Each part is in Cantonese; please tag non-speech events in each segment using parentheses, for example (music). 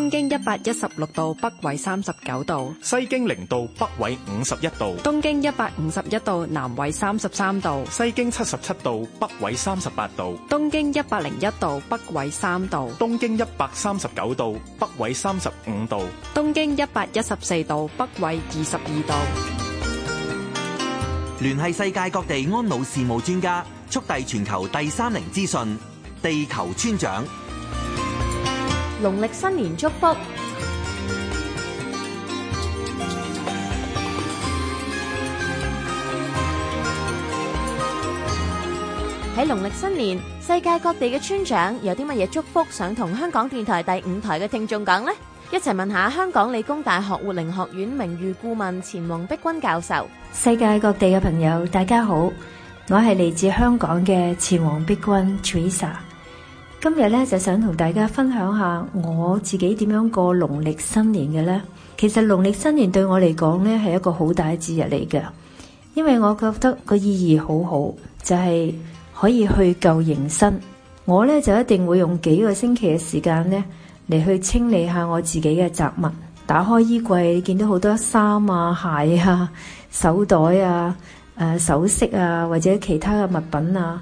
東經一百一十六度北緯三十九度，西經零度北緯五十一度，東經一百五十一度南緯三十三度，西經七十七度北緯三十八度，東經一百零一度北緯三度，東經一百三十九度北緯三十五度，東經一百一十四度北緯二十二度，聯繫世界各地安老事務專家，速遞全球第三齡資訊，地球村長。農曆新年祝福。喺農曆新年，世界各地嘅村長有啲乜嘢祝福想同香港電台第五台嘅聽眾講呢？一齊問下香港理工大學護理學院名譽顧問錢王碧君教授。世界各地嘅朋友，大家好，我係嚟自香港嘅錢王碧君 Teresa。今日呢，就想同大家分享下我自己點樣過農曆新年嘅。呢其實農曆新年對我嚟講呢，係一個好大嘅節日嚟嘅，因為我覺得個意義好好，就係、是、可以去舊迎新。我呢，就一定會用幾個星期嘅時間呢，嚟去清理下我自己嘅雜物，打開衣櫃見到好多衫啊、鞋啊、手袋啊、誒、呃、首飾啊或者其他嘅物品啊。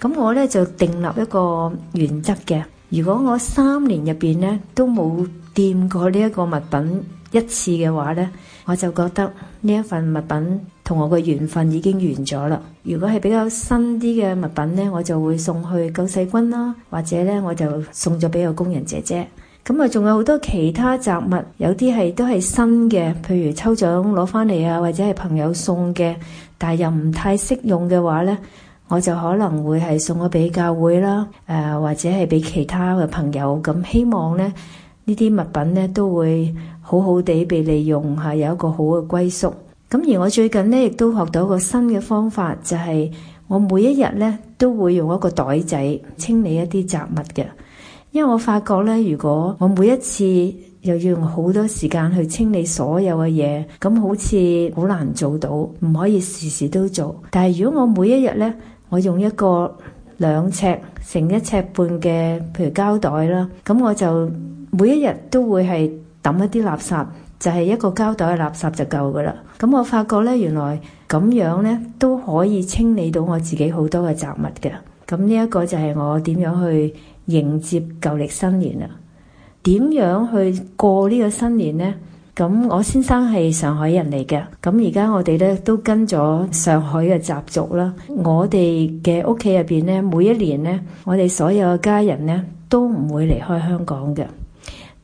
咁我咧就訂立一個原則嘅，如果我三年入邊咧都冇掂過呢一個物品一次嘅話咧，我就覺得呢一份物品同我嘅緣分已經完咗啦。如果係比較新啲嘅物品咧，我就會送去救世軍啦，或者咧我就送咗俾個工人姐姐。咁、嗯、啊，仲有好多其他雜物，有啲係都係新嘅，譬如抽獎攞返嚟啊，或者係朋友送嘅，但係又唔太適用嘅話咧。我就可能會係送我俾教會啦，誒、呃、或者係俾其他嘅朋友，咁希望咧呢啲物品咧都會好好地被利用吓，有一個好嘅歸宿。咁而我最近咧亦都學到一個新嘅方法，就係、是、我每一日咧都會用一個袋仔清理一啲雜物嘅，因為我發覺咧，如果我每一次又要用好多時間去清理所有嘅嘢，咁好似好難做到，唔可以時時都做。但係如果我每一日咧，我用一個兩尺乘一尺半嘅，譬如膠袋啦，咁我就每一日都會係抌一啲垃圾，就係一個膠袋嘅垃圾就夠噶啦。咁我發覺呢，原來咁樣呢都可以清理到我自己好多嘅雜物嘅。咁呢一個就係我點樣去迎接舊曆新年啦？點樣去過呢個新年呢？咁我先生係上海人嚟嘅，咁而家我哋咧都跟咗上海嘅習俗啦。我哋嘅屋企入邊咧，每一年咧，我哋所有嘅家人咧都唔會離開香港嘅，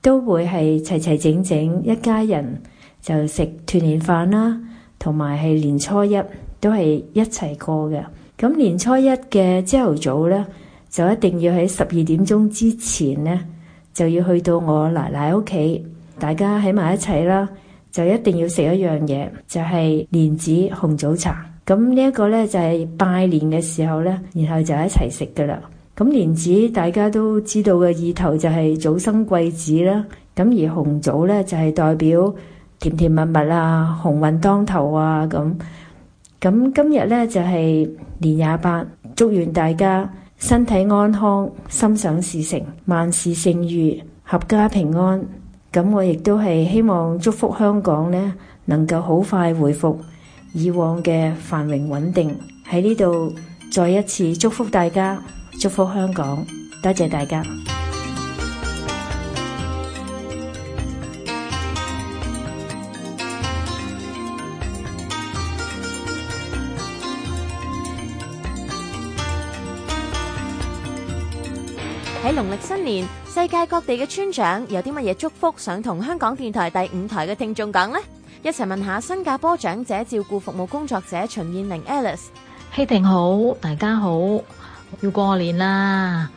都會係齊齊整整一家人就食團年飯啦，同埋係年初一都係一齊過嘅。咁年初一嘅朝頭早咧，就一定要喺十二點鐘之前咧，就要去到我奶奶屋企。大家喺埋一齊啦，就一定要食一樣嘢，就係、是、蓮子紅棗茶。咁呢一個呢，就係、是、拜年嘅時候呢，然後就一齊食噶啦。咁蓮子大家都知道嘅意頭就係早生貴子啦。咁而紅棗呢，就係、是、代表甜甜蜜蜜啊，鴻運當頭啊，咁咁今日呢，就係、是、年廿八，祝願大家身體安康，心想事成，萬事勝意，合家平安。咁我亦都係希望祝福香港呢，能夠好快恢復以往嘅繁榮穩定。喺呢度再一次祝福大家，祝福香港，多謝大家。喺農曆新年，世界各地嘅村長有啲乜嘢祝福想同香港電台第五台嘅聽眾講呢？一齊問下新加坡長者照顧服務工作者秦燕玲 Alice，希婷、hey，好，大家好，要過年啦！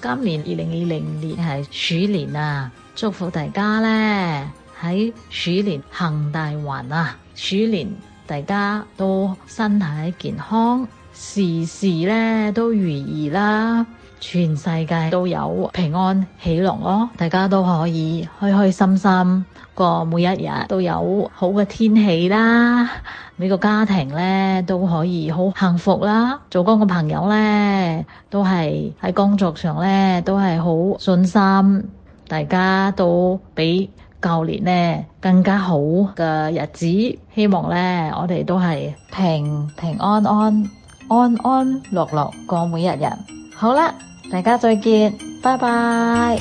今年二零二零年係鼠年啊，祝福大家呢。喺鼠年行大運啊！鼠年大家都身體健康，事事呢都如意啦！全世界都有平安喜樂咯！大家都可以開開心心過每一日，都有好嘅天氣啦。每個家庭咧都可以好幸福啦。做工嘅朋友咧都係喺工作上咧都係好信心，大家都比舊年咧更加好嘅日子。希望咧我哋都係平平安安、安安樂樂過每一日。好啦，大家再見，拜拜！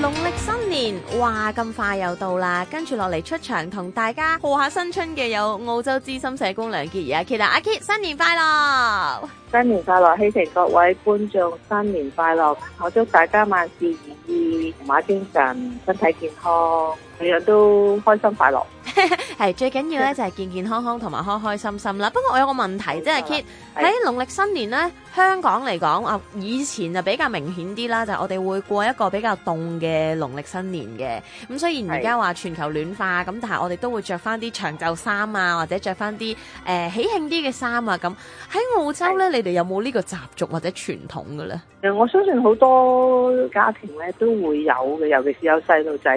農曆新年哇，咁快又到啦，跟住落嚟出場同大家賀下新春嘅有澳洲資深社工梁潔儀阿 Kit 啦，阿 Kit 新年快樂！新年快樂，希城各位觀眾新年快樂！我祝大家萬事如意，同馬精神，身體健康，每日都開心快樂。係 (laughs) 最緊要咧，就係健健康康同埋開開心心啦。不過我有個問題，即係 Kit 喺農曆新年咧。香港嚟講啊，以前就比較明顯啲啦，就係、我哋會過一個比較凍嘅農曆新年嘅。咁雖然而家話全球暖化咁，但係我哋都會着翻啲長袖衫啊，或者着翻啲誒喜慶啲嘅衫啊。咁喺澳洲呢，是你哋有冇呢個習俗或者傳統嘅呢？我相信好多家庭呢都會有嘅，尤其是有細路仔、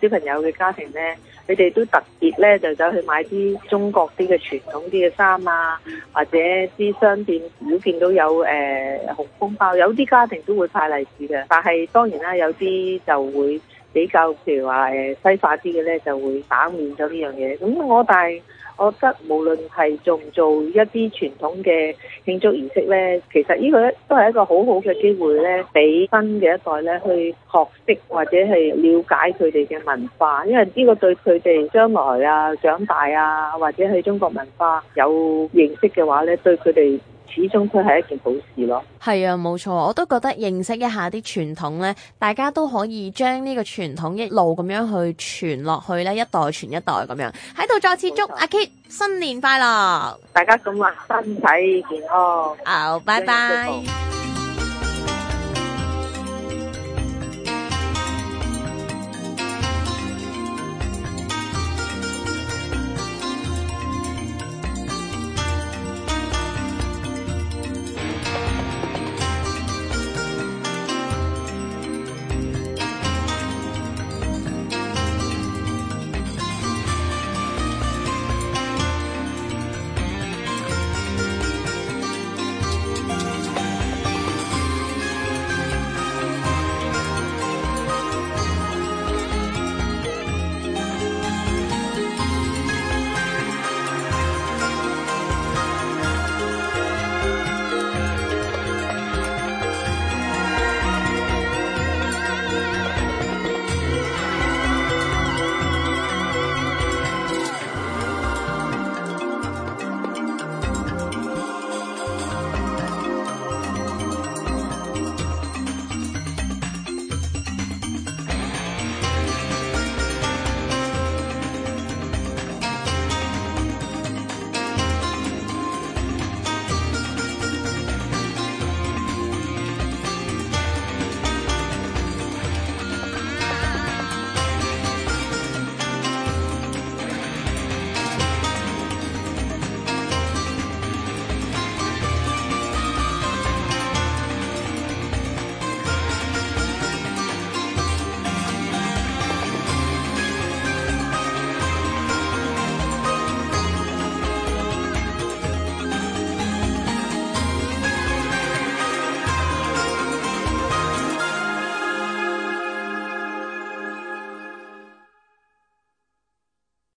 小朋友嘅家庭呢。你哋都特別呢，就走去買啲中國啲嘅傳統啲嘅衫啊，或者啲商店會見到有，誒、 (music) 嗯、紅封包，有啲家庭都會派利是嘅，但係當然啦，有啲就會比較譬如話誒西化啲嘅咧，就會打亂咗呢樣嘢。咁我但係，我覺得無論係做唔做一啲傳統嘅慶祝儀式咧，其實呢個都係一個好好嘅機會咧，俾新嘅一代咧去學識或者係了解佢哋嘅文化，因為呢個對佢哋將來啊長大啊或者去中國文化有認識嘅話咧，對佢哋。始終都係一件好事咯，係啊，冇錯，我都覺得認識一下啲傳統呢，大家都可以將呢個傳統一路咁樣去傳落去咧，一代傳一代咁樣，喺度再次祝阿 Kit，新年快樂，大家咁話，身體健康，啊、oh，拜拜。 (music)